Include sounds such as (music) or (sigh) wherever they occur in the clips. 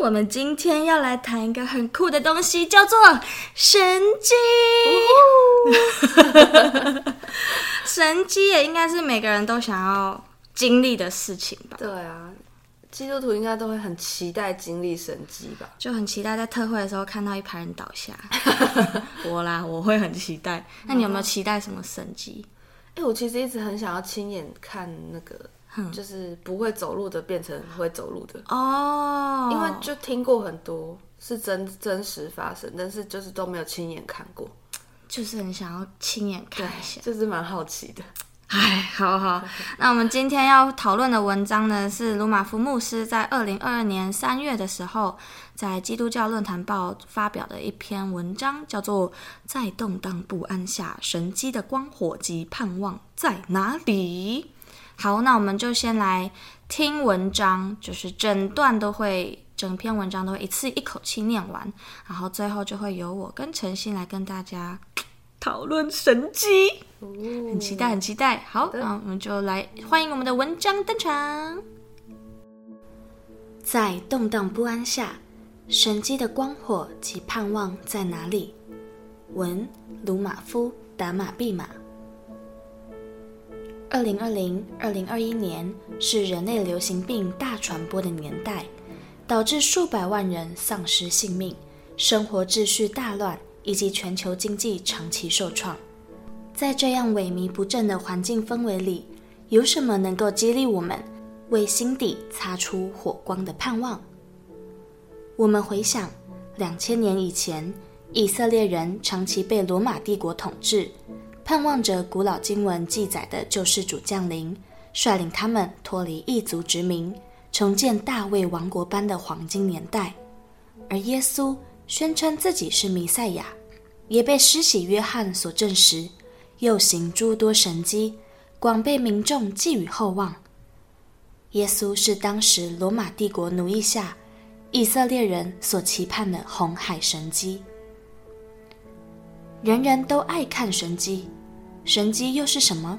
我們今天要來談一個很酷的東西，叫做神蹟。哦、呼 (laughs) 神蹟也應該是每個人都想要經歷的事情吧？對啊，基督徒應該都會很期待經歷神蹟吧？就很期待在特會的時候看到一排人倒下。 (laughs) (laughs) 我啦，我會很期待。那你有沒有期待什麼神蹟？哎、嗯欸，我其實一直很想要親眼看那個。就是不會走路的變成會走路的哦，oh, 因為就聽過很多是真真實發生，但是就是都沒有親眼看過，就是很想要親眼看一下，就是蠻好奇的。哎，好好， (laughs) 那我們今天要討論的文章呢，是魯瑪夫牧師在二零二二年三月的時候在《基督教論壇報》發表的一篇文章，叫做《在動蕩不安下，神蹟的光火及盼望在哪裡》。好，那我們就先來聽文章，就是整段都會，整篇文章都會一次一口氣唸完，然後最後就會由我跟晨歆來跟大家討論神蹟，哦、很期待，很期待。好，嗯、那我們就來歡迎我們的文章登場。在動盪不安下，神蹟的光火及盼望在哪裡？文：魯瑪夫．達瑪畢瑪。二零二零、二零二一年是人類流行病大傳播的年代，導致數百萬人喪失性命，生活秩序大亂，以及全球經濟長期受創。在這樣萎靡不振的環境氛圍裡，有什麼能夠激勵我們為心底擦出火光的盼望？我們回想兩千年以前，以色列人長期被羅馬帝國統治。盼望着古老經文記載的救世主降臨，率領他們脫離異族殖民，重建大衛王國般的黃金年代。而耶穌宣稱自己是彌賽亞，也被施洗約翰所證實，又行諸多神蹟，廣被民眾寄予厚望。耶穌是當時羅馬帝國奴役下以色列人所期盼的紅海神蹟。人人都愛看神蹟。神蹟又是什麼？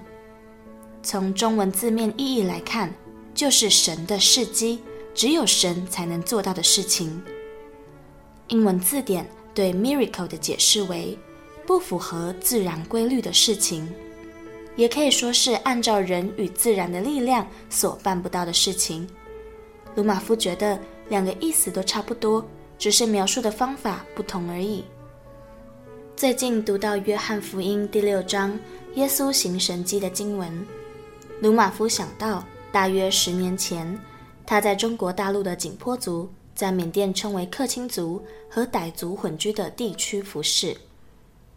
從中文字面意義來看，就是神的事蹟，只有神才能做到的事情。英文字典對 miracle 的解釋為：不符合自然規律的事情，也可以說是按照人與自然的力量所辦不到的事情。魯瑪夫覺得兩個意思都差不多，只是描述的方法不同而已。最近讀到《約翰福音》第六章，耶穌行神蹟的經文，魯瑪夫想到，大約十年前，他在中國大陸的景頗族，在緬甸稱為克欽族和傣族混居的地區服侍，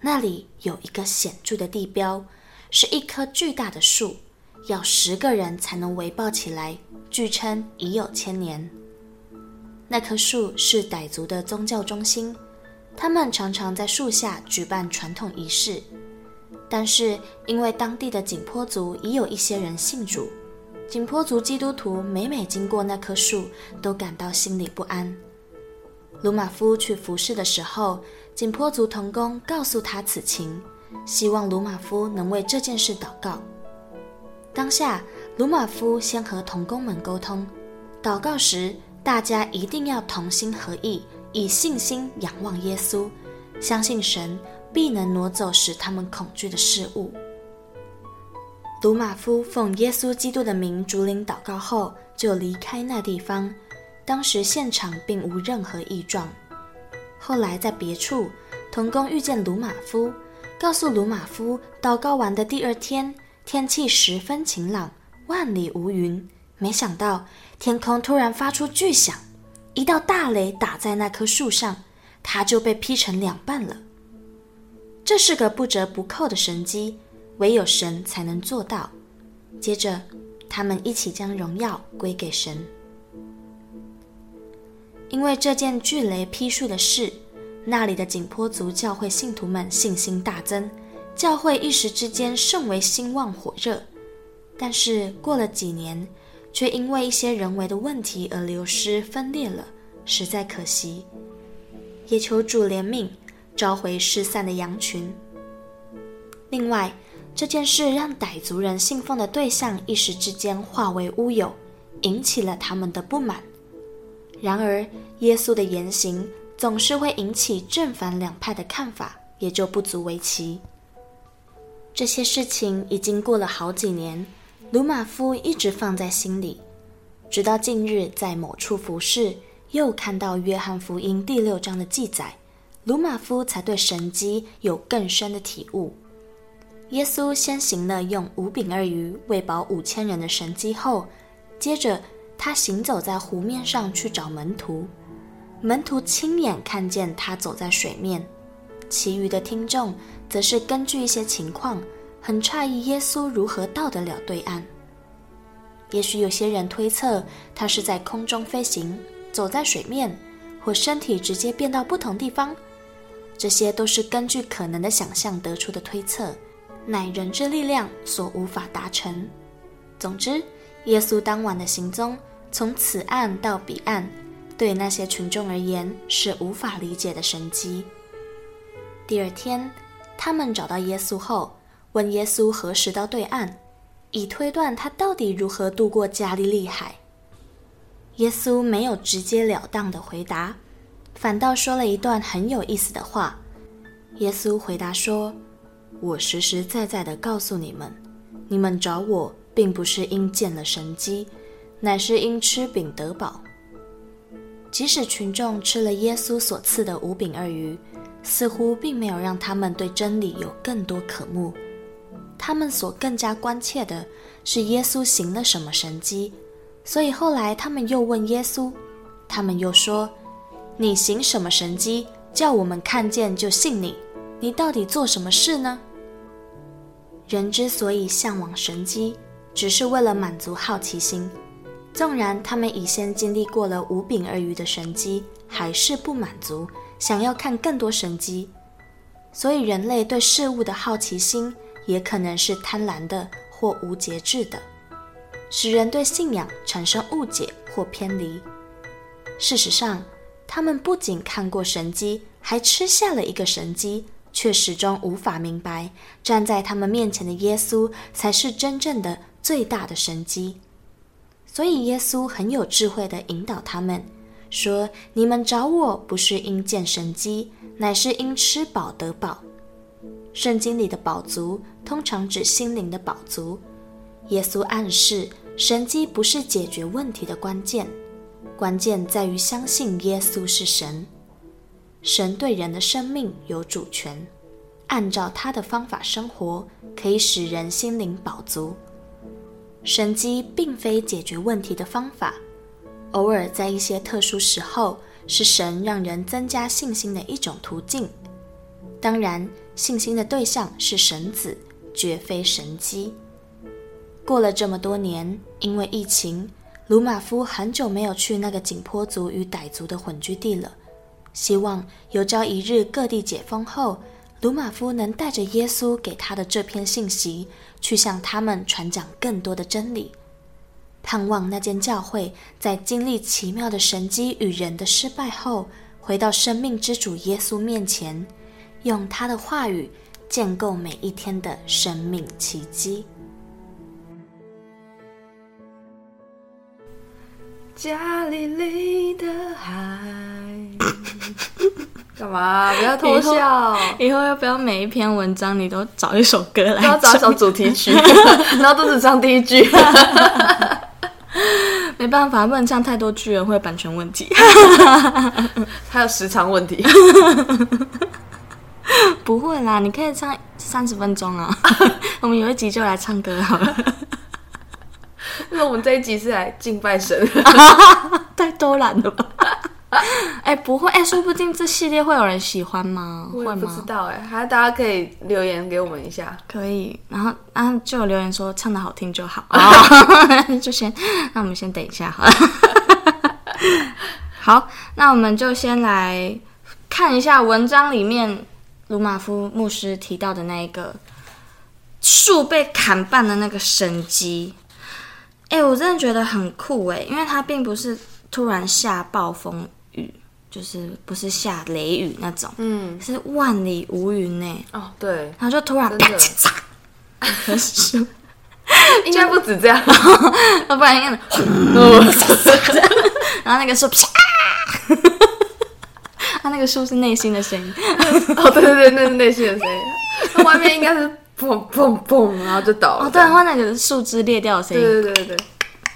那裡有一個顯著的地標，是一棵巨大的樹，要十個人才能圍抱起來，據稱已有千年。那棵樹是傣族的宗教中心。他們常常在樹下舉辦傳統儀式，但是因為當地的景頗族已有一些人信主，景頗族基督徒每每經過那棵樹都感到心裡不安。魯馬夫去服侍的時候，景頗族同工告訴他此情，希望魯馬夫能為這件事禱告。當下，魯馬夫先和同工們溝通，禱告時大家一定要同心合意。以信心仰望耶穌，相信神必能挪走使他們恐懼的事物。魯瑪夫奉耶穌基督的名逐靈禱告後，就離開那地方。當時現場並無任何異狀。後來在別處，同工遇見魯瑪夫，告訴魯瑪夫禱告完的第二天，天氣十分晴朗，萬里無雲。沒想到天空突然發出巨響。一道大雷，打在那棵樹上，它就被劈成兩半了。這是個不折不扣的神蹟，唯有神才能做到。接着，他們一起將榮耀歸給神。因為這件巨雷劈樹的事，那裡的景頗族教會信徒們信心大增，教會一時之間甚為興旺火熱。但是過了幾年，卻因為一些人為的問題而流失分裂了，實在可惜。也求主憐憫，召回失散的羊群。另外，這件事讓傣族人信奉的對象一時之間化為烏有，引起了他們的不滿。然而，耶穌的言行總是會引起正反兩派的看法，也就不足為奇。這些事情已經過了好幾年。魯馬夫一直放在心裡，直到近日在某處服侍，又看到《約翰福音》第六章的記載，魯馬夫才對神跡有更深的體悟。耶穌先行了用五餅二魚餵飽五千人的神跡後，接着他行走在湖面上去找門徒，門徒親眼看見他走在水面，其餘的聽眾則是根據一些情況，很詫異，耶穌如何到得了對岸？也許有些人推測他是在空中飛行、走在水面，或身體直接變到不同地方。這些都是根據可能的想象得出的推測，乃人之力量所無法達成。總之，耶穌當晚的行蹤，從此岸到彼岸，對那些群眾而言是無法理解的神蹟。第二天，他們找到耶穌後，問耶穌何時到對岸，以推斷他到底如何度過加利利海。耶穌沒有直截了當的回答，反倒說了一段很有意思的話。耶穌回答說：“我實實在在的告訴你們，你們找我，並不是因見了神蹟，乃是因吃餅得飽。即使群眾吃了耶穌所賜的五餅二魚，似乎並沒有讓他們對真理有更多渴慕。”他們所更加關切的是耶穌行了什麼神蹟，所以後來他們又問耶穌：“他們又說，你行什麼神蹟，叫我們看見就信你？你到底做什麼事呢？”人之所以向往神蹟，只是為了滿足好奇心。縱然他們以前經歷過了五餅二魚的神蹟，還是不滿足，想要看更多神蹟。所以人類對事物的好奇心。也可能是貪婪的或無節制的，使人對信仰產生誤解或偏離。事實上，他們不僅看過神蹟，還吃下了一個神蹟，卻始終無法明白站在他們面前的耶穌才是真正的最大的神蹟。所以，耶穌很有智慧地引導他們說：“你們找我不是因見神蹟，乃是因吃飽得飽。”聖經裡的飽足通常指心靈的飽足。耶穌暗示，神蹟不是解決問題的關鍵，關鍵在於相信耶穌是神。神對人的生命有主權，按照他的方法生活，可以使人心靈飽足。神蹟並非解決問題的方法，偶爾在一些特殊時候，是神讓人增加信心的一種途徑。當然。信心的對象是神子，絕非神蹟。過了這麼多年，因為疫情，魯瑪夫很久沒有去那個景頗族與傣族的混居地了。希望有朝一日各地解封後，魯瑪夫能帶着耶穌給他的這篇信息，去向他們傳講更多的真理，盼望那間教會在經歷奇妙的神蹟與人的失敗後，回到生命之主耶穌面前。用他的話語，建構每一天的生命奇蹟。家裡裡的海， (laughs) 幹嘛？不要偷笑。以以後要不要每一篇文章你都找一首歌來？都要找首主題曲， (laughs) 然後都只唱第一句。 (laughs) 沒辦法，不能唱太多句，人會有版權問題。 (laughs) 還有時長問題。 (laughs) (laughs) 不會啦，你可以唱三十分鐘啊！ (laughs) 我們有一集就來唱歌好了。 (laughs) 那我們這一集是來敬拜神的，太 (laughs) (laughs) 偷懶了吧。哎、 (laughs) 欸，不會哎、欸，說不定這系列會有人喜歡嗎？不會，會嗎？不知道哎、欸，還大家可以留言給我們一下。 (laughs) 可以，然後啊，就留言說唱得好聽就好啊，哦、 (laughs) (laughs) 就先，那我們先等一下好了。 (laughs) 好，那我們就先來看一下文章裡面。魯瑪夫牧師提到的那一個樹被砍半的那個神蹟，哎、欸，我真的覺得很酷哎、欸，因為它並不是突然下暴風雨，就是不是下雷雨那種，嗯，是萬里無雲呢、欸。哦，對，然後就突然的嘯 (laughs) 應該不止這樣， (laughs) 不然 (laughs) 應該能， (laughs) (laughs) 然後那個是啪。 (laughs) 它那個樹是內心的聲音， (laughs) (laughs) 哦，對對對，那是內心的聲音，它外面應該是砰砰砰，然後就倒了。哦，對，然後那個樹枝裂掉的聲音，對對對，對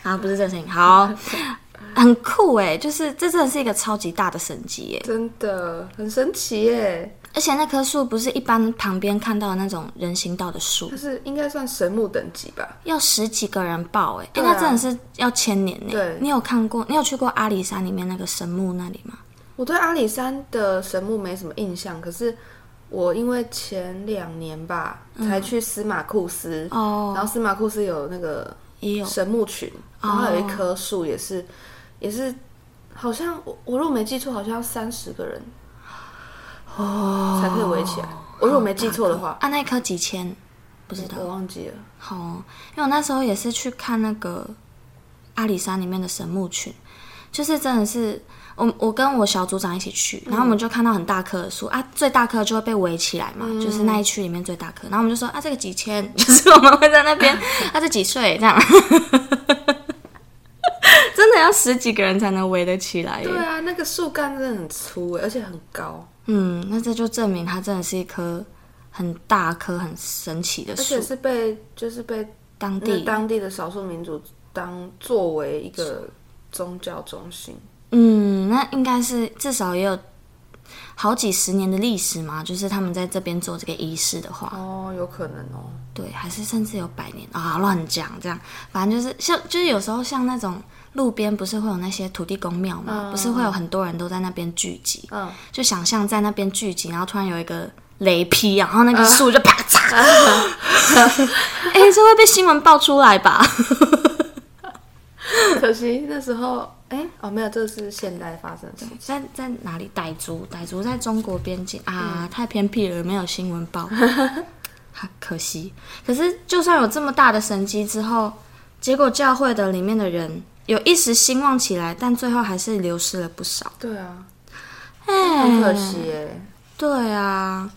好，啊，不是這個聲音，好， (laughs) 很酷哎、欸，就是這真的是一個超級大的神蹟耶、欸，真的很神奇耶、欸。而且那棵樹不是一般旁邊看到的那種人行道的樹，就是應該算神木等級吧？要十幾個人抱哎、欸啊欸，它真的是要千年、欸、對，你有看過，你有去過阿里山裡面那個神木那裡嗎？我對阿里山的神木沒什麼印象，可是我因為前兩年吧才去司馬庫斯，嗯、哦，然後司馬庫斯有那個也有神木群，有然後有一棵樹也是、哦、也是好像我我如果沒記錯，好像要三十個人哦才可以圍起來。哦、我如果沒記錯的話，好啊，那一棵幾千？不知道、嗯，我忘記了。好、哦，因為我那時候也是去看那個阿里山裡面的神木群，就是真的是。我我跟我小組長一起去，然後我們就看到很大棵的樹、嗯、啊，最大棵就會被圍起來嘛，嗯、就是那一區裡面最大棵。然後我們就說啊，這個幾千，就是我們會在那邊， (laughs) 啊這幾歲這樣？ (laughs) 真的要十幾個人才能圍得起來？對啊，那個樹幹真的很粗耶，而且很高。嗯，那這就證明它真的是一棵很大棵、很神奇的樹，而且是被就是被當地當地的少數民族當作為一個宗教中心。嗯。那應該是至少也有好幾十年的歷史嘛，就是他們在這邊做這個儀式的話，哦，有可能哦，對，還是甚至有百年啊，亂講這樣，反正就是像，就是有時候像那種路邊不是會有那些土地公廟嘛，嗯、不是會有很多人都在那邊聚集，嗯，就想象在那邊聚集，然後突然有一個雷劈，然後那個樹就啪嚓，哎、嗯 (laughs) 欸，這會被新聞爆出來吧？可惜那時候，哎、欸，哦，沒有，這是現代發生的東西，在在哪裡？傣族，傣族在中國邊境啊，嗯、太偏僻了，沒有新聞報。 (laughs) 可惜。可是，就算有這麼大的神蹟之後，結果教會的裡面的人有一時興旺起來，但最後還是流失了不少。對啊，哎、欸，很可惜哎、欸。對啊，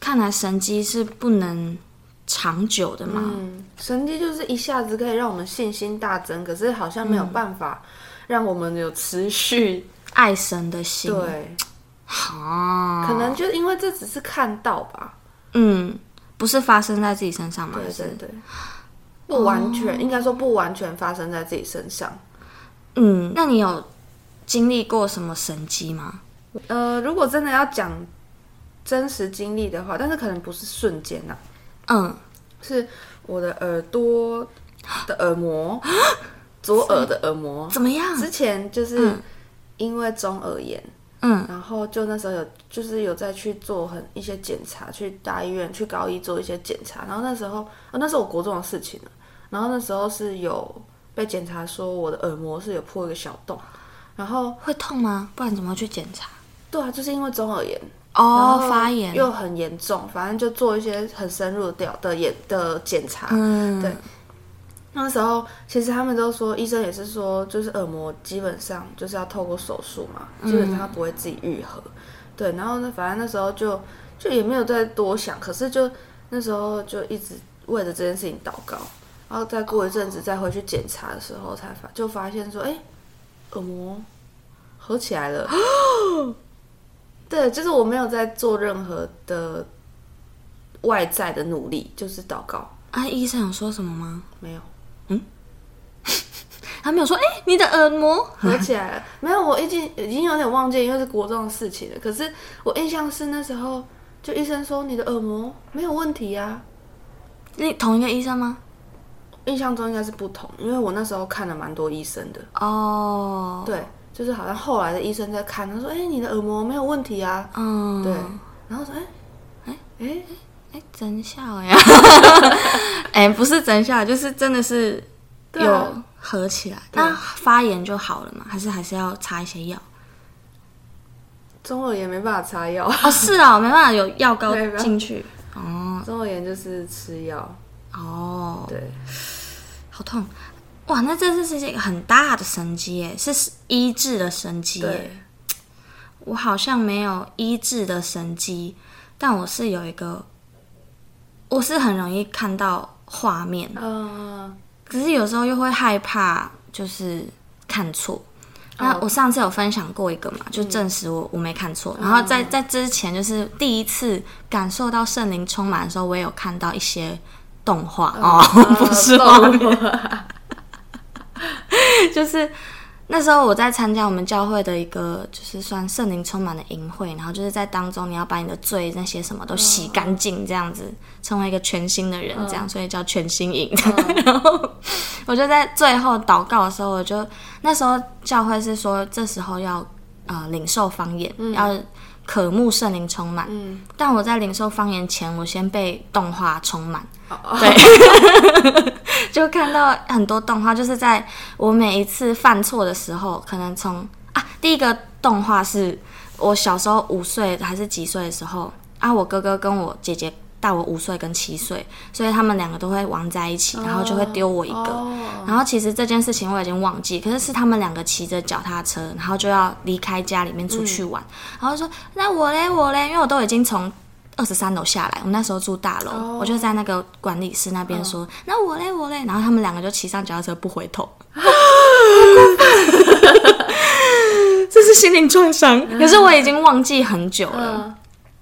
看來神蹟是不能。長久的嘛、嗯，神蹟就是一下子可以讓我們信心大增，可是好像沒有辦法讓我們有持續、嗯、愛神的心。對，哈可能就因為這只是看到吧。嗯，不是發生在自己身上嗎？對對對，是不完全，哦、應該說不完全發生在自己身上。嗯，那你有經歷過什麼神蹟嗎？呃，如果真的要講真實經歷的話，但是可能不是瞬間吶、啊。嗯，是我的耳朵的耳膜，蛤左耳的耳膜怎麼樣？之前就是因為中耳炎，嗯，然後就那時候有就是有在去做很一些檢查，去大醫院去高醫做一些檢查，然後那時候啊那是我國中的事情，然後那時候是有被檢查說我的耳膜是有破一個小洞，然後會痛嗎？不然怎麼去檢查？對啊，就是因為中耳炎。哦，oh, 然後發炎又很嚴重，反正就做一些很深入的調、的眼、的檢查。嗯，對。那時候其實他們都說，醫生也是說，就是耳膜基本上就是要透過手術嘛，基本上他不會自己愈合。嗯、對，然後呢，反正那時候就就也沒有再多想，可是就那時候就一直為了這件事情禱告。然後再過一陣子再回去檢查的時候才發就發現說，哎、欸，耳膜合起來了。 (coughs) 對，就是我沒有在做任何的外在的努力，就是禱告。啊，醫生有說什麼嗎？沒有，嗯， (laughs) 還沒有說。哎、欸，你的耳膜合起來了？ (laughs) 沒有，我已經已經有點忘記，因為是國中的事情了。可是我印象是那時候，就醫生說你的耳膜沒有問題呀、啊。你同一個醫生嗎？印象中應該是不同，因為我那時候看了蠻多醫生的。哦，oh. 對。就是好像後來的醫生在看，他說：“哎，你的耳膜沒有問題啊。”嗯，對。然後說：“哎，哎哎哎，真笑呀！哎，不是真笑，就是真的是有合起來。那發炎就好了嘛？還是還是要擦一些藥？中耳炎沒辦法擦藥啊？是啊，沒辦法有藥膏進去。哦，中耳炎就是吃藥。哦，對，好痛。”哇，那這真是一個很大的神蹟誒，是醫治的神蹟誒。對我好像沒有醫治的神蹟，但我是有一個，我是很容易看到畫面，的、呃，可是有時候又會害怕，就是看錯。那、呃、我上次有分享過一個嘛，就證實我、嗯、我沒看錯。然後在在之前，就是第一次感受到聖靈充滿的時候，我也有看到一些動畫、呃、哦，呃、 (laughs) 不是畫 (laughs) 就是那時候我在參加我們教會的一個，就是算聖靈充滿的營會，然後就是在當中你要把你的罪那些什麼都洗乾淨，這樣子、哦、成為一個全新的人，這樣，哦、所以叫全新營。哦、 (laughs) 然後我就在最後禱告的時候，我就那時候教會是說這時候要呃領受方言，嗯、要。渴慕聖靈充滿，嗯、但我在領受方言前，我先被動畫充滿。嗯、對， (laughs) 就看到很多動畫，就是在我每一次犯錯的時候，可能從啊，第一個動畫是我小時候五歲還是幾歲的時候，啊，我哥哥跟我姐姐，大我五歲跟七歲，所以他們兩個都會玩在一起，然後就會丟我一個。Oh, oh. 然後其實這件事情我已經忘記，可是是他們兩個騎着腳踏車，然後就要離開家裡面出去玩。Mm. 然後說：“那我嘞，我嘞。”因為我都已經從二十三樓下來，我們那時候住大樓，oh. 我就在那個管理室那邊說：“ oh. 那我嘞，我嘞。”然後他們兩個就騎上腳踏車不回頭。 (laughs) (laughs) 這是心靈創傷， (laughs) 可是我已經忘記很久了。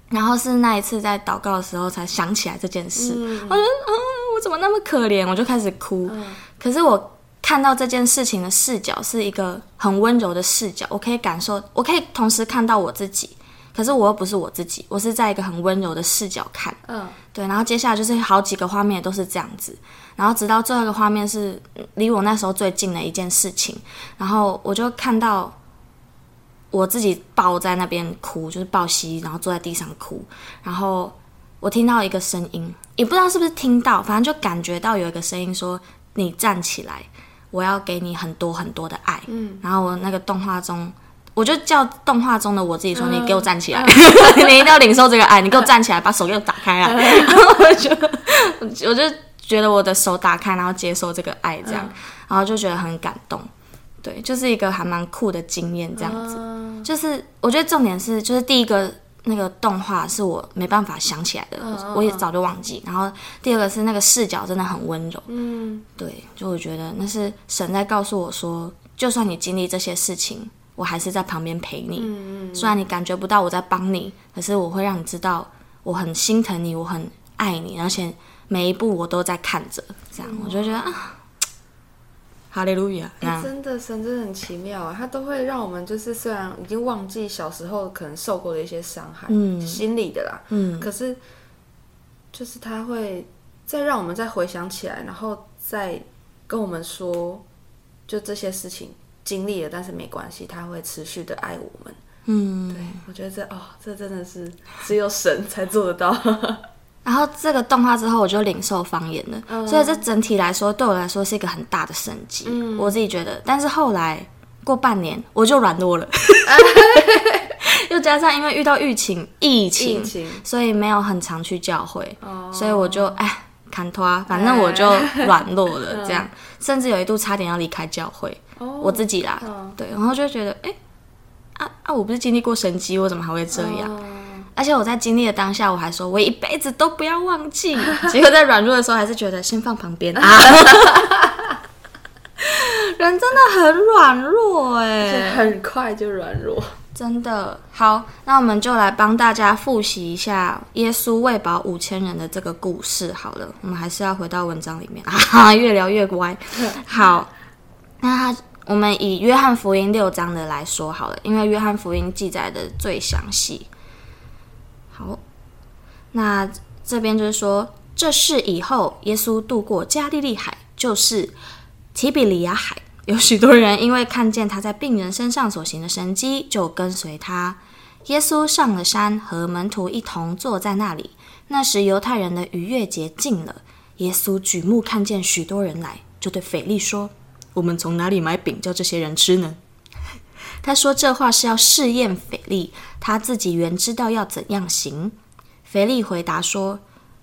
然後是那一次在禱告的時候才想起來這件事，我覺得啊，我怎麼那麼可憐？我就開始哭。嗯，可是我看到這件事情的視角是一個很溫柔的視角，我可以感受，我可以同時看到我自己，可是我又不是我自己，我是在一個很溫柔的視角看。嗯，對。然後接下來就是好幾個畫面都是這樣子，然後直到最後一個畫面是離我那時候最近的一件事情，然後我就看到。我自己抱在那邊哭，就是抱膝，然後坐在地上哭。然後我聽到一個聲音，也不知道是不是聽到，反正就感覺到有一個聲音說：“你站起來，我要給你很多很多的愛。”嗯，然後我那個動畫中，我就叫動畫中的我自己說：“嗯、你給我站起來，嗯、 (laughs) 你一定要領受這個愛，你給我站起來，嗯、把手給我打開啊！”嗯、然後我就，我就覺得我的手打開，然後接受這個愛，這樣，嗯、然後就覺得很感動。對，就是一個還蠻酷的經驗，這樣子。Uh、就是我覺得重點是，就是第一個那個動畫是我沒辦法想起來的，uh、我也早就忘記。然後第二個是那個視角真的很溫柔。嗯、um，對，就我覺得那是神在告訴我說，就算你經歷這些事情，我還是在旁邊陪你。嗯、um、雖然你感覺不到我在幫你，可是我會讓你知道我很心疼你，我很愛你，而且每一步我都在看着。這樣，um、我就覺得啊。哈利路亞，真的，神真的很奇妙啊！他都會讓我們就是雖然已經忘記小時候可能受過的一些傷害，嗯，心裡的啦，嗯，可是就是他會再讓我們再回想起來，然後再跟我們說，就這些事情經歷了，但是沒關係，他會持續的愛我們。嗯，對，我覺得這哦，這真的是只有神才做得到。 (laughs) 然後這個動畫之後，我就領受方言了，oh. 所以這整體來說，對我來說是一個很大的神蹟，嗯、我自己覺得。但是後來過半年，我就軟弱了， (laughs) (laughs) (laughs) 又加上因為遇到疫情，疫情，疫情，所以沒有很常去教會，oh. 所以我就哎，牽拖啊，反正我就軟弱了、oh. 這樣，甚至有一度差點要離開教會，oh. 我自己啦，oh. 對，然後就覺得哎，啊啊，我不是經歷過神蹟，我怎麼還會這樣？Oh. 而且我在經歷的當下，我還說我一輩子都不要忘記。 (laughs) 結果在軟弱的時候，還是覺得先放旁邊 (laughs) 啊。 (laughs) 人真的很軟弱哎，很快就軟弱，真的。好，那我們就來幫大家複習一下耶穌餵飽五千人的這個故事。好了，我們還是要回到文章裡面啊， (laughs) 越聊越乖。 (laughs) 好，那他我們以約翰福音六章的來說好了，因為約翰福音記載的最詳細。好，那這邊就是說，這事以後，耶穌渡過加利利海，就是提比里亞海，有許多人因為看見他在病人身上所行的神蹟，就跟隨他。耶穌上了山，和門徒一同坐在那裡。那時，猶太人的逾越節近了，耶穌舉目看見許多人來，就對腓力說：“我們從哪裡買餅叫這些人吃呢？”他說這話是要試驗腓力，他自己原知道要怎樣行。腓力回答說：“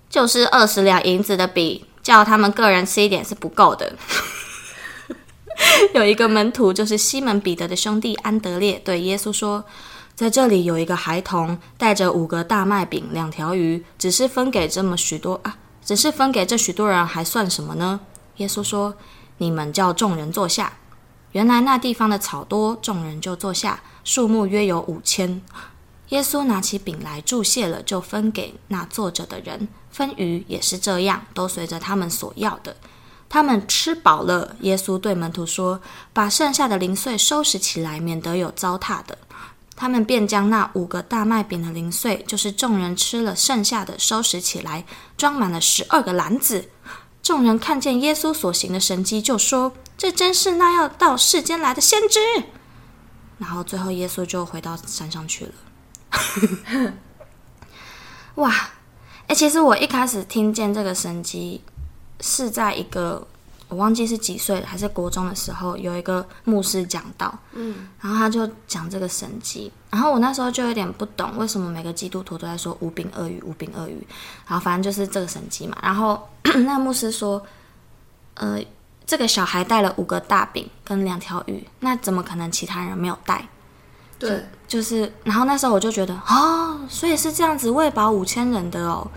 就是二十兩銀子的餅，叫他們個人吃一點是不夠的。 (laughs) ”有一個門徒，就是西門彼得的兄弟安德烈，對耶穌說：“在這裡有一個孩童，帶着五個大麥餅、兩條魚，只是分給這麼許多啊，只是分給這許多人還算什麼呢？”耶穌說：“你們叫眾人坐下。”原來那地方的草多，眾人就坐下，數目約有五千。耶穌拿起餅來祝謝了，就分給那坐着的人，分魚也是這樣，都隨着他們所要的。他們吃飽了，耶穌對門徒說：“把剩下的零碎收拾起來，免得有糟蹋的。”他們便將那五個大麥餅的零碎，就是眾人吃了剩下的，收拾起來，裝滿了十二個籃子。眾人看見耶穌所行的神蹟，就說。這真是那要到世間來的先知，然後最後耶穌就回到山上去了。哇，哎、欸，其實我一開始聽見這個神蹟是在一個我忘記是幾歲還是國中的時候，有一個牧師講道。嗯，然後他就講這個神蹟。然後我那時候就有點不懂，為什麼每個基督徒都在說五餅二魚，五餅二魚，然後反正就是這個神蹟嘛。然後那個、牧師說，呃。這個小孩帶了五個大餅跟兩條魚，那怎麼可能其他人沒有帶？對就，就是。然後那時候我就覺得，哦，所以是這樣子餵飽五千人的哦，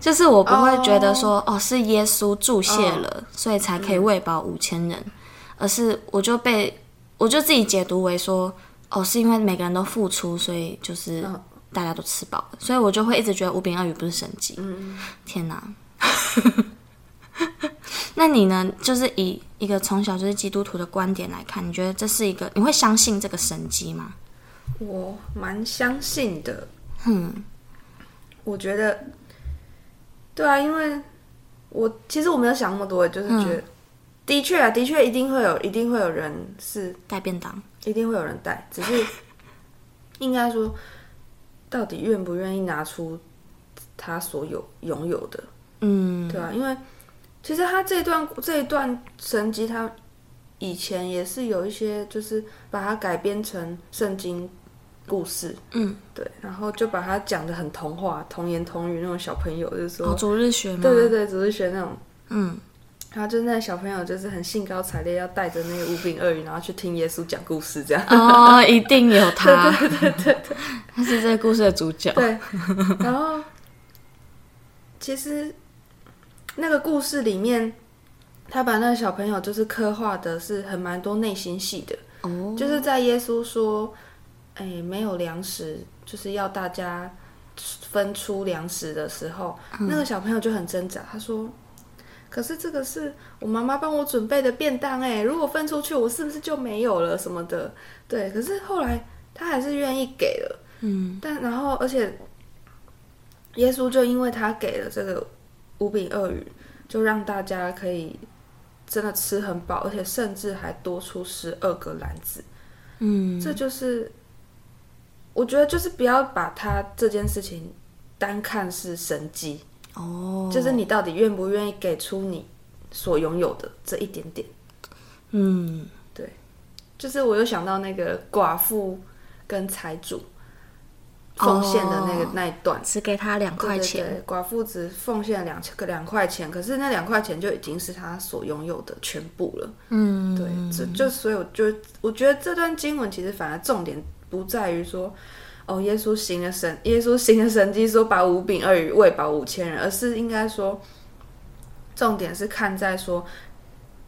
就是我不會覺得說，oh. 哦，是耶穌祝謝了，oh. 所以才可以餵飽五千人，嗯、而是我就被，我就自己解讀為說，哦，是因為每個人都付出，所以就是大家都吃飽了，所以我就會一直覺得五餅二魚不是神蹟。嗯、天哪！ (laughs) 那你呢？就是以一個從小就是基督徒的觀點來看，你覺得這是一個？你會相信這個神蹟嗎？我蠻相信的。嗯，我覺得，對啊，因為我其實我沒有想那麼多，就是覺得、嗯、的確啊，的確一定會有，一定會有人是帶便當，一定會有人帶，只是應該說，到底願不願意拿出他所有擁有的？嗯，對啊，因為。其實他這一段這一段神蹟，他以前也是有一些，就是把它改編成聖經故事，嗯，對，然後就把它講得很童話童言童語那種小朋友，就是說，主日學，對對對，主日學那種，嗯，他就是那小朋友，就是很興高采烈要帶着那個五餅二魚，然後去聽耶穌講故事，這樣，哦，一定有他， (laughs) 對，對，對，對對對，他是這故事的主角，對，然後其實。那個故事裡面，他把那個小朋友就是刻畫的是很蠻多內心戲的，Oh. 就是在耶穌說：“哎、欸，沒有糧食，就是要大家分出糧食的時候，嗯、那個小朋友就很掙扎，他說：‘可是這個是我媽媽幫我準備的便當、欸，哎，如果分出去，我是不是就沒有了什麼的？’對，可是後來他還是願意給了，嗯，但然後而且耶穌就因為他給了這個。五餅二魚，就讓大家可以真的吃很飽，而且甚至還多出十二個籃子。嗯，這就是我覺得，就是不要把他這件事情單看是神蹟哦，就是你到底願不願意給出你所擁有的這一點點？嗯，對，就是我又想到那個寡婦跟財主。奉獻的那個、哦、那一段，只給他兩塊錢。對對對，寡婦只奉獻了兩、兩塊錢，可是那兩塊錢就已經是他所擁有的全部了。嗯，對，這就所以我就我覺得這段經文其實反而重點不在於說，哦，耶穌行了神，耶穌行了神蹟，說把五餅二魚餵飽五千人，而是應該說，重點是看在說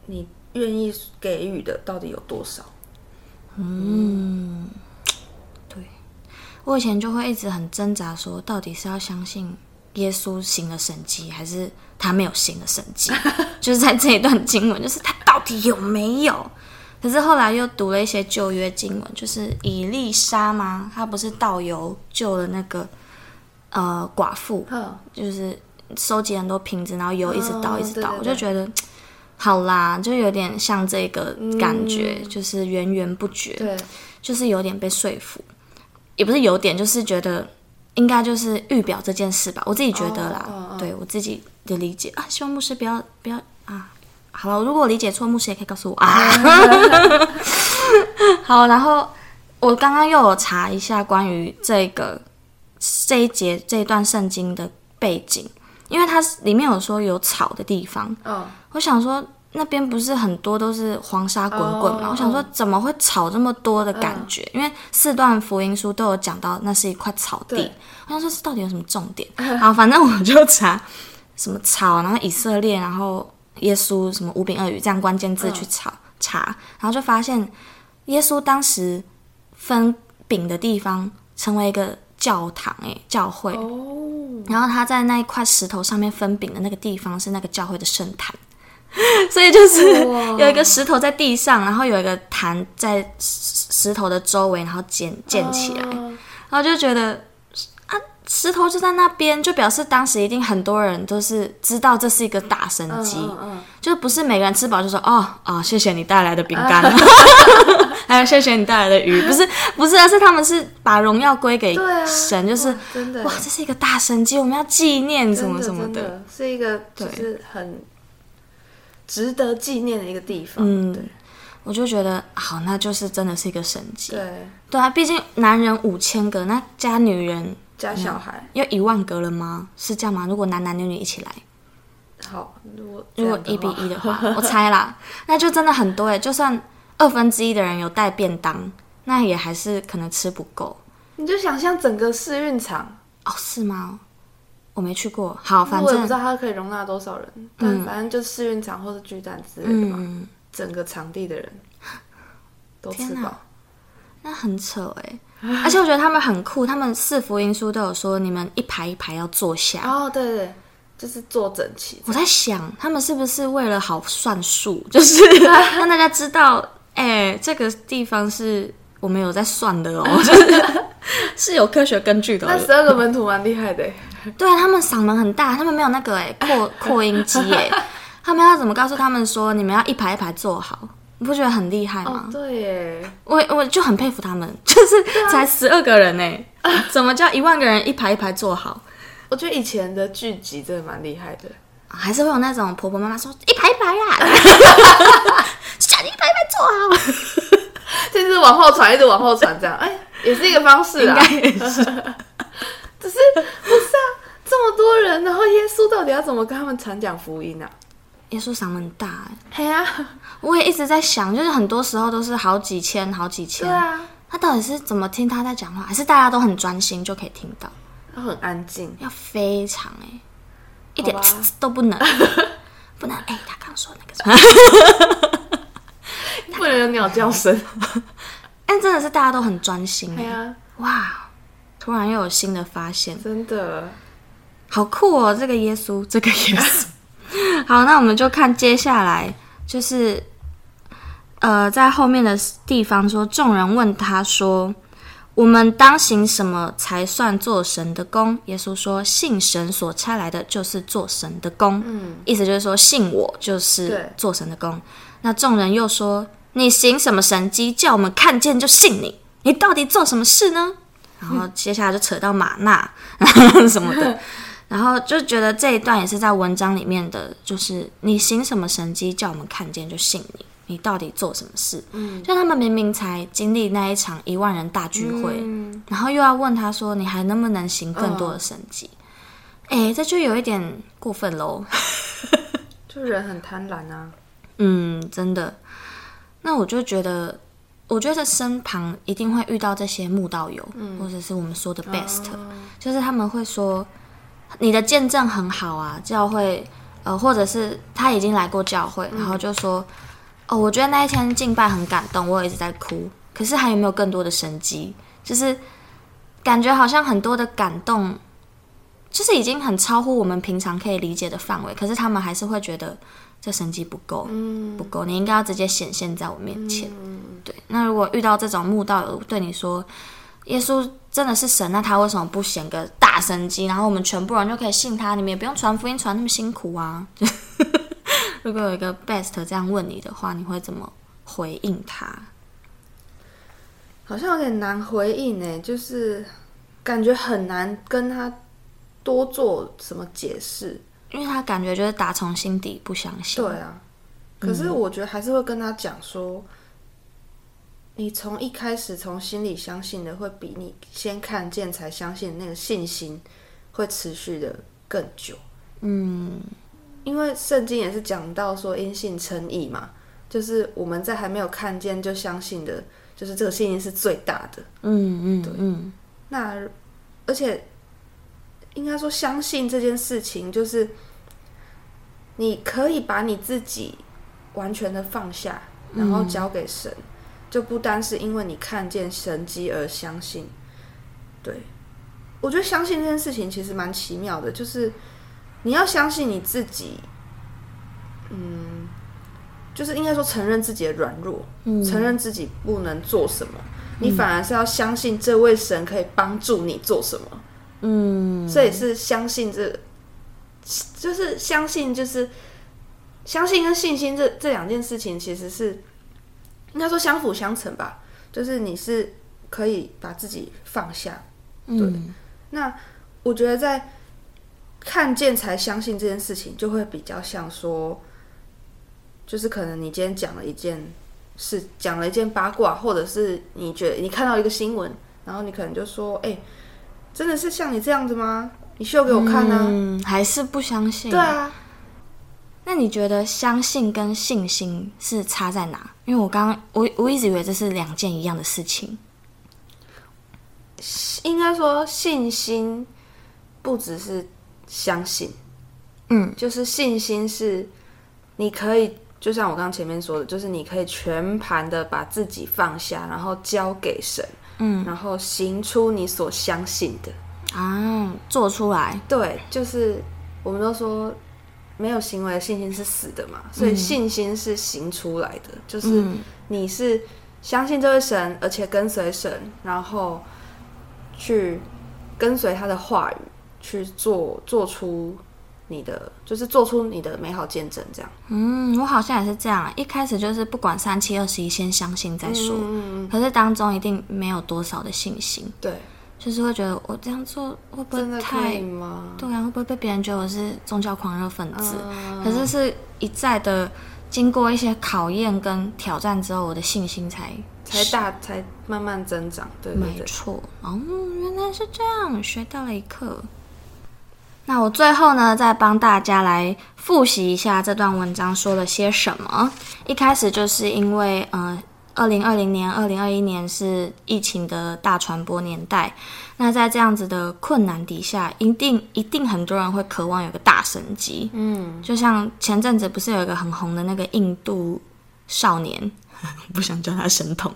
你願意給予的到底有多少。嗯。嗯我以前就會一直很掙扎，說到底是要相信耶穌行的神蹟，還是他沒有行的神蹟？ (laughs) 就是在這一段經文，就是他到底有沒有？可是後來又讀了一些舊約經文，就是以利沙嘛？他不是倒油救了那個呃寡婦，呵就是收集很多瓶子，然後油一直倒，哦，一直倒，對對對，我就覺得好啦，就有點像這個感覺，嗯，就是源源不絕，對，就是有點被說服。也不是有點，就是覺得應該就是預表這件事吧，我自己覺得啦，oh, oh, oh. 對我自己的理解啊，希望牧師不要不要啊，好了，如果我理解錯，牧師也可以告訴我啊。Oh, oh, oh. (laughs) 好，然後我剛剛又有查一下關於這個這一節這一段聖經的背景，因為它裡面有說有草的地方，oh. 我想說。那邊不是很多都是黃沙滾滾嘛。Oh, 我想說怎麼會草這麼多的感覺？Uh, 因為四段福音書都有講到，那是一塊草地。對我想說這到底有什麼重點？好，uh, 反正我就查什麼草，然後以色列，然後耶穌什麼五餅二魚這樣關鍵字去查查，uh, 然後就發現耶穌當時分餅的地方成為一個教堂誒、欸，教會、uh. 然後他在那一塊石頭上面分餅的那個地方是那個教會的聖壇。 (laughs) 所以就是有一個石頭在地上，然後有一個壇在石頭的周圍，然後建建起來，然後就覺得啊，石頭就在那邊，就表示當時一定很多人都是知道這是一個大神蹟。嗯嗯嗯嗯、就不是每個人吃飽就說哦哦，謝謝你帶來的餅乾，啊、 (laughs) (laughs) 還有謝謝你帶來的魚，不是不是，而是他們是把榮耀歸給神，啊、就是、哦、哇，這是一個大神蹟，我們要紀念什麼什麼的，真的真的是一個，是很對。值得紀念的一個地方。嗯，對我就覺得好，那就是真的是一個神蹟。對對啊，畢竟男人五千個，那加女人加小孩要一萬個了嗎？是這樣嗎？如果男男女女一起來，好，如果如果一比一的話，的話 (laughs) 我猜啦，那就真的很多哎、欸。就算二分之一的人有帶便當，那也還是可能吃不夠。你就想象整個試運場哦，是嗎？我沒去過，好，反正我也不知道它可以容納多少人，嗯、但反正就是試運場或是巨蛋之類的嘛，嗯、整個場地的人都知道，那很扯哎！ (laughs) 而且我覺得他們很酷，他們四福音書都有說，你們一排一排要坐下哦，對，對對，就是坐整齊。這個、我在想，他們是不是為了好算數，就是 (laughs) 對 (laughs) 讓大家知道，哎、欸，這個地方是我們有在算的哦， (laughs) (laughs) (laughs) 是有科學根據的、哦。 (laughs) 那十二個門徒蠻厲害的。對啊，他們嗓門很大，他們沒有那個哎擴擴音機哎， (laughs) 他們要怎麼告訴他們說，你們要一排一排坐好？你不覺得很厲害嗎？Oh, 對耶，我我就很佩服他們，就是才十二個人呢。 (laughs) 怎麼叫一萬個人一排一排坐好？ (laughs) 我覺得以前的劇集真的蠻厲害的，還是會有那種婆婆媽媽說一排一排啊， (laughs) (laughs) 就叫你一排一排坐好，這是 (laughs) 往後傳，一直往後傳，這樣哎，也是一個方式啦。應該也是。可是不是啊，這麼多人，然後耶穌到底要怎麼跟他們傳講福音呢、啊？耶穌嗓門大、欸，哎、啊，嘿呀，我也一直在想，就是很多時候都是好幾千、好幾千，對啊，他到底是怎麼聽他在講話，還是大家都很專心就可以聽到？他很安靜，要非常哎、欸，一點嘶嘶都不能，吧不能哎、欸，他剛說那個什麼，不能有鳥叫聲， (laughs) 但真的是大家都很專心、欸，哇、啊。Wow 突然又有新的發現，真的好酷哦！這個耶穌，這個耶穌。 (laughs) 好，那我們就看接下來，就是呃，在後面的地方說，眾人問他說：“我們當行什麼才算做神的工？”耶穌說：“信神所差來的就是做神的工。”嗯，意思就是說，信我就是做神的工。對那眾人又說：“你行什麼神蹟，叫我們看見就信你？你到底做什麼事呢？”然後，接下來就扯到嗎哪、嗯、 (laughs) 什麼的，然後就覺得這一段也是在文章裡面的，就是你行什麼神跡叫我們看見就信你，你到底做什麼事？嗯，就他們明明才經歷那一場一萬人大聚會，嗯、然後又要問他說你還能不能行更多的神跡？哎、哦，這就有一點過分嘍。 (laughs) 就人很貪婪啊。嗯，真的。那我就覺得。我覺得身旁一定會遇到這些慕道友，嗯、或者是我們說的 best、哦、就是他們會說，你的見證很好啊，教會呃，或者是他已經來過教會，然後就說、嗯、哦，我覺得那一天敬拜很感動，我一直在哭。可是還有沒有更多的神蹟？就是感覺好像很多的感動，就是已經很超乎我們平常可以理解的範圍，可是他們還是會覺得。這神蹟不夠，嗯、不夠，你應該要直接顯現在我面前。嗯、對，那如果遇到這種慕道友對你說：“耶穌真的是神，那他為什麼不顯個大神蹟，然後我們全部人就可以信他？你們也不用傳福音傳那麼辛苦啊？” (laughs) 如果有一個 best 這樣問你的話，你會怎麼回應他？好像有點難回應呢，就是感覺很難跟他多做什麼解釋。因為他感覺就是打從心底不相信。對啊。嗯、可是我覺得還是會跟他講說，你從一開始從心裡相信的，會比你先看見才相信那個信心會持續的更久。嗯。因為聖經也是講到說“因信稱義”嘛，就是我們在還沒有看見就相信的，就是這個信心是最大的。嗯嗯。嗯對。嗯、那而且。應該說，相信這件事情就是，你可以把你自己完全的放下，然後交給神，嗯、就不單是因為你看見神蹟，而相信。對，我覺得相信這件事情其實蠻奇妙的，就是你要相信你自己，嗯，就是應該說承認自己的軟弱，嗯、承認自己不能做什麼，嗯、你反而是要相信這位神可以幫助你做什麼。嗯，所以是相信這，就是相信，就是相信跟信心這這兩件事情，其實是應該說相輔相成吧。就是你是可以把自己放下，對。嗯，那我覺得在看見才相信這件事情，就會比較像說，就是可能你今天講了一件事，講了一件八卦，或者是你覺得你看到一個新聞，然後你可能就說，哎、欸。真的是像你這樣子嗎？你秀給我看呢，啊，嗯，還是不相信啊？對啊，那你覺得相信跟信心是差在哪？因為我剛剛我我一直以為這是兩件一樣的事情。應該說信心不只是相信，嗯，就是信心是你可以，就像我剛剛前面說的，就是你可以全盤的把自己放下，然後交給神。嗯、然後行出你所相信的啊，做出來。對，就是我們都說，沒有行為的信心是死的嘛，所以信心是行出來的，嗯、就是你是相信這位神，而且跟隨神，然後去跟隨他的話語去做，做出。你的就是做出你的美好見證，這樣。嗯，我好像也是這樣啊，一開始就是不管三七二十一，先相信再說。嗯，嗯，嗯。可是當中一定沒有多少的信心。對。就是會覺得我這樣做會不會太？對啊，會不會被別人覺得我是宗教狂熱分子？嗯。可是是一再的經過一些考驗跟挑戰之後，我的信心才才大，才慢慢增長。對，對，對，沒錯。哦，原來是這樣，學到了一課。那我最後呢，再幫大家來複習一下這段文章說了些什麼。一開始就是因為，嗯、呃，二零二零年、二零二一年是疫情的大傳播年代。那在這樣子的困難底下，一定一定很多人會渴望有個大神蹟。嗯，就像前陣子不是有一個很紅的那個印度少年， (laughs) 不想叫他神童，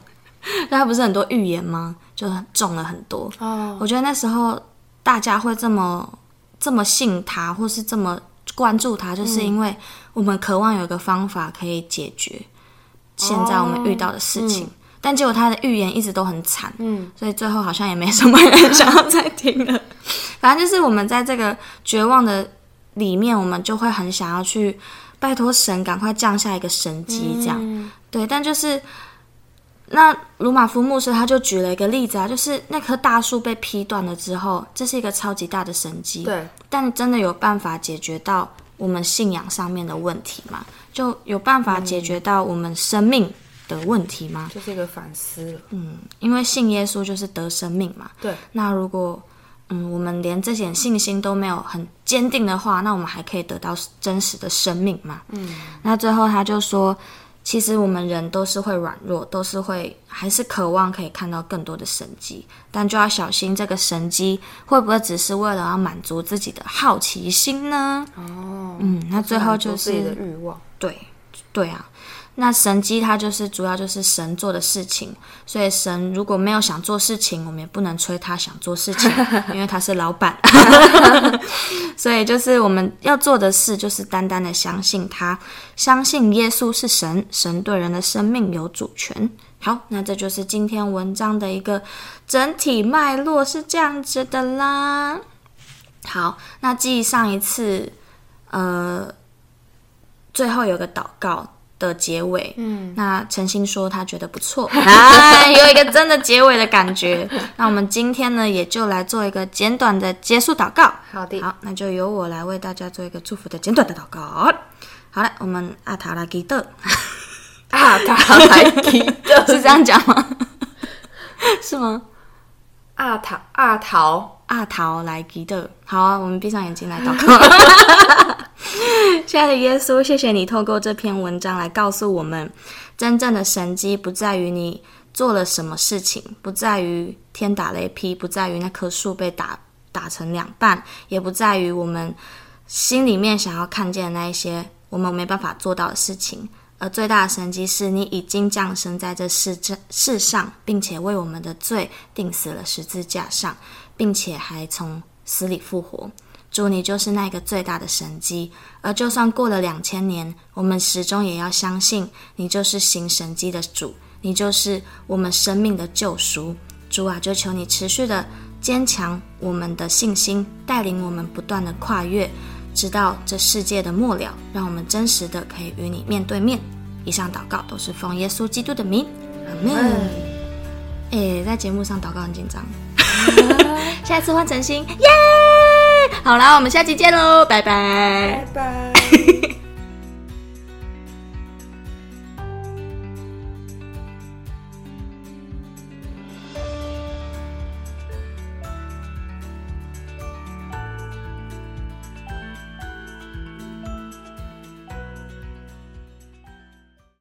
但 (laughs) 他不是很多預言嗎？就中了很多。哦，我覺得那時候大家會這麼。這麼信他，或是這麼關注他，嗯、就是因為我們渴望有一個方法可以解決現在我們遇到的事情，哦嗯、但結果他的預言一直都很慘，嗯，所以最後好像也沒什麼人想要再聽了。 (laughs) 反正就是我們在這個絕望的裡面，我們就會很想要去拜託神，趕快降下一個神蹟。這樣、嗯、對。但就是。那魯馬夫牧師他就舉了一個例子啊，就是那棵大樹被劈斷了之後，嗯、這是一個超級大的神蹟。對，但真的有辦法解決到我們信仰上面的問題嗎？就有辦法解決到我們生命的問題嗎？這、嗯就是一個反思了。嗯，因為信耶穌就是得生命嘛。對。那如果嗯，我們連這點信心都沒有很堅定的話，那我們還可以得到真實的生命嗎？嗯。那最後他就說。其實我們人都是會軟弱，都是會，還是渴望可以看到更多的神蹟，但就要小心這個神蹟會不會只是為了要滿足自己的好奇心呢？哦，嗯，這是那最後就是自己的慾望，對，對啊。那神蹟他就是主要就是神做的事情，所以神如果沒有想做事情，我們也不能催他想做事情，因為他是老闆。 (laughs) 所以就是我們要做的事，就是單單的相信他，相信耶穌是神，神對人的生命有主權。好，那這就是今天文章的一個整體脈絡是這樣子的啦。好，那繼上一次，呃，最後有個禱告。的結尾，嗯，那晨歆說他覺得不錯，啊，有一個真的結尾的感覺。 (laughs) 那我們今天呢，也就來做一個簡短的結束禱告。好的，好，那就由我來為大家做一個祝福的簡短的禱告。好了，我們阿塔吉德、 (laughs) 啊、來吉德，阿塔來吉德是這樣講嗎？ (laughs) 是嗎？阿塔阿桃阿桃來吉德，好啊，我們閉上眼睛來禱告。 (laughs) 親愛的耶穌，謝謝你透過這篇文章來告訴我們，真正的神蹟不在於你做了什麼事情，不在於天打雷劈，不在於那棵樹被打打成兩半，也不在於我們心裡面想要看見的那一些我們沒辦法做到的事情。而最大的神蹟是你已經降生在這世世上，並且為我們的罪釘死了十字架上，並且還從死裡復活。主，你就是那個最大的神蹟，而就算過了兩千年，我們始終也要相信你就是行神蹟的主，你就是我們生命的救贖。主啊，就求你持續的堅強我們的信心，帶領我們不斷的跨越，直到這世界的末了，讓我們真實的可以與你面對面。以上禱告都是奉耶穌基督的名。哎、嗯欸，在節目上禱告很緊張， (laughs) 下次換成心耶。Yeah! 好啦，我們下期見嘍，拜拜。拜拜 (laughs)